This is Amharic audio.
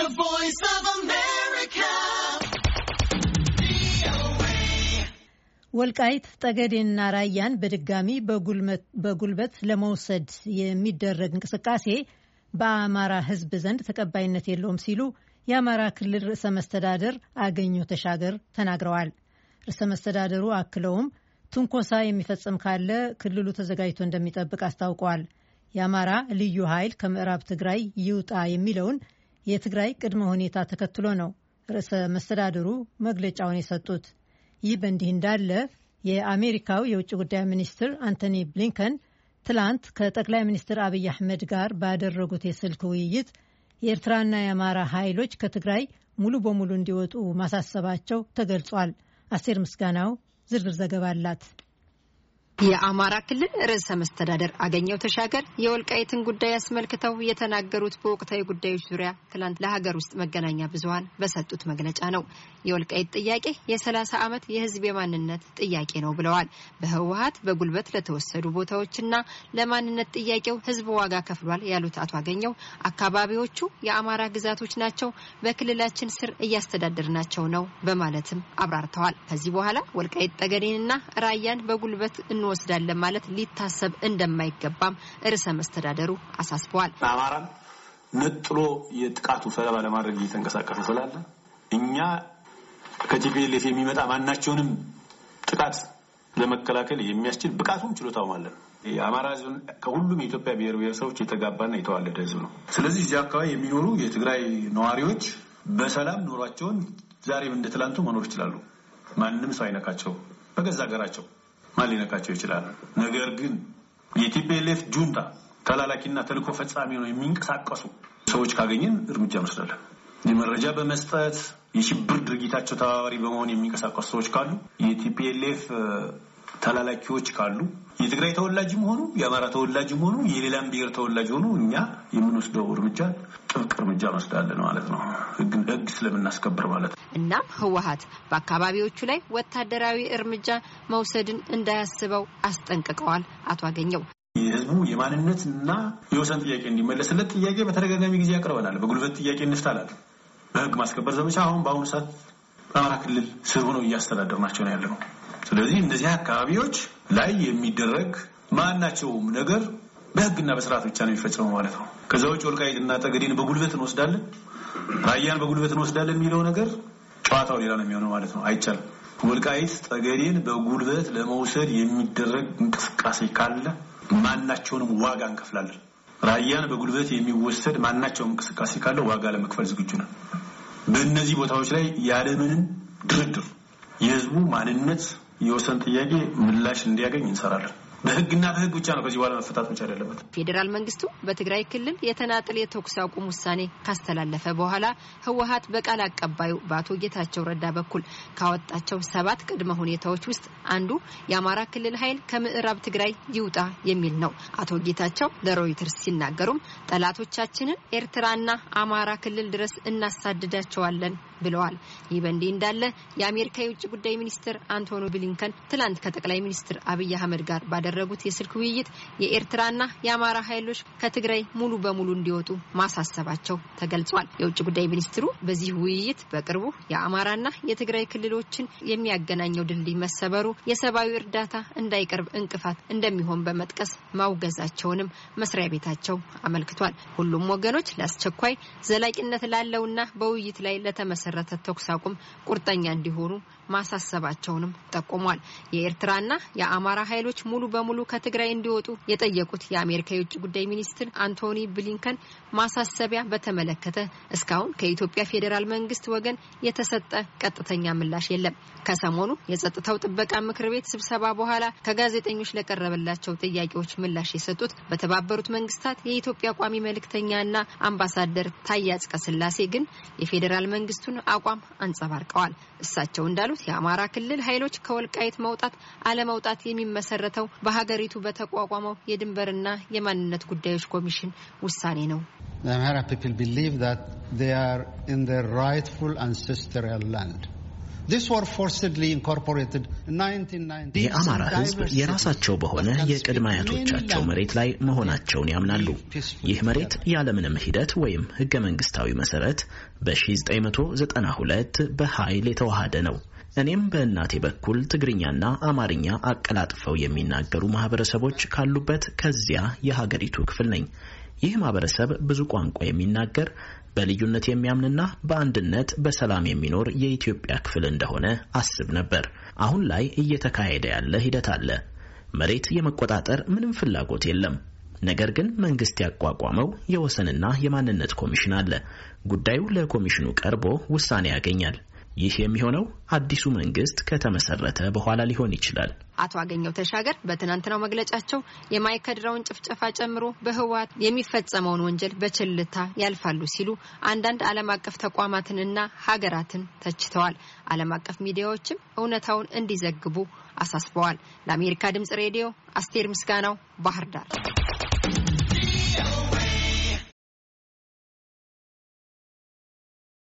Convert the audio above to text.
The Voice of America. ወልቃይት ጠገዴና ራያን በድጋሚ በጉልበት ለመውሰድ የሚደረግ እንቅስቃሴ በአማራ ሕዝብ ዘንድ ተቀባይነት የለውም ሲሉ የአማራ ክልል ርዕሰ መስተዳደር አገኘሁ ተሻገር ተናግረዋል። ርዕሰ መስተዳደሩ አክለውም ትንኮሳ የሚፈጽም ካለ ክልሉ ተዘጋጅቶ እንደሚጠብቅ አስታውቋል። የአማራ ልዩ ኃይል ከምዕራብ ትግራይ ይውጣ የሚለውን የትግራይ ቅድመ ሁኔታ ተከትሎ ነው ርዕሰ መስተዳድሩ መግለጫውን የሰጡት። ይህ በእንዲህ እንዳለ የአሜሪካው የውጭ ጉዳይ ሚኒስትር አንቶኒ ብሊንከን ትላንት ከጠቅላይ ሚኒስትር አብይ አህመድ ጋር ባደረጉት የስልክ ውይይት የኤርትራና የአማራ ኃይሎች ከትግራይ ሙሉ በሙሉ እንዲወጡ ማሳሰባቸው ተገልጿል። አስቴር ምስጋናው ዝርዝር ዘገባ አላት። የአማራ ክልል ርዕሰ መስተዳደር አገኘው ተሻገር የወልቃይትን ጉዳይ አስመልክተው የተናገሩት በወቅታዊ ጉዳዮች ዙሪያ ትላንት ለሀገር ውስጥ መገናኛ ብዙኃን በሰጡት መግለጫ ነው። የወልቃይት ጥያቄ የሰላሳ ዓመት የሕዝብ የማንነት ጥያቄ ነው ብለዋል። በህወሀት በጉልበት ለተወሰዱ ቦታዎችና ለማንነት ጥያቄው ሕዝብ ዋጋ ከፍሏል ያሉት አቶ አገኘው አካባቢዎቹ የአማራ ግዛቶች ናቸው፣ በክልላችን ስር እያስተዳደርናቸው ነው በማለትም አብራርተዋል። ከዚህ በኋላ ወልቃይት ጠገዴንና ራያን በጉልበት እንወስዳለን ማለት ሊታሰብ እንደማይገባም ርዕሰ መስተዳደሩ አሳስበዋል። አማራም ነጥሎ የጥቃቱ ሰለባ ለማድረግ እየተንቀሳቀሰ ስላለ እኛ ከቲፒኤልኤፍ የሚመጣ ማናቸውንም ጥቃት ለመከላከል የሚያስችል ብቃቱም ችሎታውም አለን። የአማራ ህዝብ ከሁሉም የኢትዮጵያ ብሔር ብሔረሰቦች የተጋባና የተዋለደ ህዝብ ነው። ስለዚህ እዚህ አካባቢ የሚኖሩ የትግራይ ነዋሪዎች በሰላም ኑሯቸውን ዛሬም እንደ ትላንቱ መኖር ይችላሉ። ማንም ሰው አይነካቸው በገዛ ሀገራቸው ማን ሊነካቸው ይችላል? ነገር ግን የቲፒኤልኤፍ ጁንታ ተላላኪና ተልእኮ ፈጻሚ ነው የሚንቀሳቀሱ ሰዎች ካገኘን እርምጃ እንወስዳለን። የመረጃ በመስጠት የሽብር ድርጊታቸው ተባባሪ በመሆን የሚንቀሳቀሱ ሰዎች ካሉ የቲፒኤልኤፍ ተላላኪዎች ካሉ የትግራይ ተወላጅም ሆኑ የአማራ ተወላጅም ሆኑ የሌላም ብሔር ተወላጅ ሆኑ እኛ የምንወስደው እርምጃ ጥብቅ እርምጃ እንወስዳለን ማለት ነው። ህግን ህግ ስለምናስከብር ማለት ነው። እናም ህወሀት በአካባቢዎቹ ላይ ወታደራዊ እርምጃ መውሰድን እንዳያስበው አስጠንቅቀዋል። አቶ አገኘው የህዝቡ የማንነት እና የወሰን ጥያቄ እንዲመለስለት ጥያቄ በተደጋጋሚ ጊዜ ያቅርበናል በጉልበት ጥያቄ እንፍታላል። በህግ ማስከበር ዘመቻ አሁን በአሁኑ ሰዓት በአማራ ክልል ስር ሆነው እያስተዳደር ናቸው ነው ያለነው። ስለዚህ እነዚህ አካባቢዎች ላይ የሚደረግ ማናቸውም ነገር በህግና በስርዓት ብቻ ነው የሚፈጸመው ማለት ነው። ከዛ ውጭ ወልቃይትና ጠገዴን በጉልበት እንወስዳለን፣ ራያን በጉልበት እንወስዳለን የሚለው ነገር ጨዋታው ሌላ ነው የሚሆነው ማለት ነው። አይቻልም። ወልቃይት ጠገዴን በጉልበት ለመውሰድ የሚደረግ እንቅስቃሴ ካለ ማናቸውንም ዋጋ እንከፍላለን። ራያን በጉልበት የሚወሰድ ማናቸውም እንቅስቃሴ ካለ ዋጋ ለመክፈል ዝግጁ ነው። በእነዚህ ቦታዎች ላይ ያለምንም ድርድር የህዝቡ ማንነት የወሰን ጥያቄ ምላሽ እንዲያገኝ እንሰራለን። በህግና በህግ ብቻ ነው። ከዚህ በኋላ መፈታት መቻል ያለበት ፌዴራል መንግስቱ በትግራይ ክልል የተናጠል የተኩስ አቁም ውሳኔ ካስተላለፈ በኋላ ህወሀት በቃል አቀባዩ በአቶ ጌታቸው ረዳ በኩል ካወጣቸው ሰባት ቅድመ ሁኔታዎች ውስጥ አንዱ የአማራ ክልል ኃይል ከምዕራብ ትግራይ ይውጣ የሚል ነው። አቶ ጌታቸው ለሮይተርስ ሲናገሩም ጠላቶቻችንን ኤርትራና አማራ ክልል ድረስ እናሳድዳቸዋለን ብለዋል። ይህ በእንዲህ እንዳለ የአሜሪካ የውጭ ጉዳይ ሚኒስትር አንቶኒ ብሊንከን ትላንት ከጠቅላይ ሚኒስትር አብይ አህመድ ጋር ባደረጉት የስልክ ውይይት የኤርትራና የአማራ ኃይሎች ከትግራይ ሙሉ በሙሉ እንዲወጡ ማሳሰባቸው ተገልጿል። የውጭ ጉዳይ ሚኒስትሩ በዚህ ውይይት በቅርቡ የአማራና የትግራይ ክልሎችን የሚያገናኘው ድልድይ መሰበሩ የሰብአዊ እርዳታ እንዳይቀርብ እንቅፋት እንደሚሆን በመጥቀስ ማውገዛቸውንም መስሪያ ቤታቸው አመልክቷል። ሁሉም ወገኖች ለአስቸኳይ ዘላቂነት ላለውና በውይይት ላይ ለተመሰ የተመሰረተ ተኩስ አቁም ቁርጠኛ እንዲሆኑ ማሳሰባቸውንም ጠቁሟል። የኤርትራና የአማራ ኃይሎች ሙሉ በሙሉ ከትግራይ እንዲወጡ የጠየቁት የአሜሪካ የውጭ ጉዳይ ሚኒስትር አንቶኒ ብሊንከን ማሳሰቢያ በተመለከተ እስካሁን ከኢትዮጵያ ፌዴራል መንግስት ወገን የተሰጠ ቀጥተኛ ምላሽ የለም። ከሰሞኑ የጸጥታው ጥበቃ ምክር ቤት ስብሰባ በኋላ ከጋዜጠኞች ለቀረበላቸው ጥያቄዎች ምላሽ የሰጡት በተባበሩት መንግስታት የኢትዮጵያ ቋሚ መልእክተኛና አምባሳደር ታዬ አጽቀሥላሴ ግን የፌዴራል መንግስቱን አቋም አንጸባርቀዋል። እሳቸው እንዳሉት የአማራ ክልል ኃይሎች ከወልቃይት መውጣት አለመውጣት የሚመሰረተው በሀገሪቱ በተቋቋመው የድንበርና የማንነት ጉዳዮች ኮሚሽን ውሳኔ ነው። The Amhara people believe that they are in their rightful ancestral land. የአማራ ህዝብ የራሳቸው በሆነ የቅድመ አያቶቻቸው መሬት ላይ መሆናቸውን ያምናሉ። ይህ መሬት ያለምንም ሂደት ወይም ህገ መንግስታዊ መሰረት በ1992 በኃይል የተዋሃደ ነው። እኔም በእናቴ በኩል ትግርኛና አማርኛ አቀላጥፈው የሚናገሩ ማህበረሰቦች ካሉበት ከዚያ የሀገሪቱ ክፍል ነኝ። ይህ ማህበረሰብ ብዙ ቋንቋ የሚናገር በልዩነት የሚያምንና በአንድነት በሰላም የሚኖር የኢትዮጵያ ክፍል እንደሆነ አስብ ነበር። አሁን ላይ እየተካሄደ ያለ ሂደት አለ። መሬት የመቆጣጠር ምንም ፍላጎት የለም። ነገር ግን መንግስት ያቋቋመው የወሰንና የማንነት ኮሚሽን አለ። ጉዳዩ ለኮሚሽኑ ቀርቦ ውሳኔ ያገኛል። ይህ የሚሆነው አዲሱ መንግስት ከተመሰረተ በኋላ ሊሆን ይችላል። አቶ አገኘው ተሻገር በትናንትናው መግለጫቸው የማይከድራውን ጭፍጨፋ ጨምሮ በህወሀት የሚፈጸመውን ወንጀል በችልታ ያልፋሉ ሲሉ አንዳንድ ዓለም አቀፍ ተቋማትንና ሀገራትን ተችተዋል። ዓለም አቀፍ ሚዲያዎችም እውነታውን እንዲዘግቡ አሳስበዋል። ለአሜሪካ ድምጽ ሬዲዮ አስቴር ምስጋናው ባህር ዳር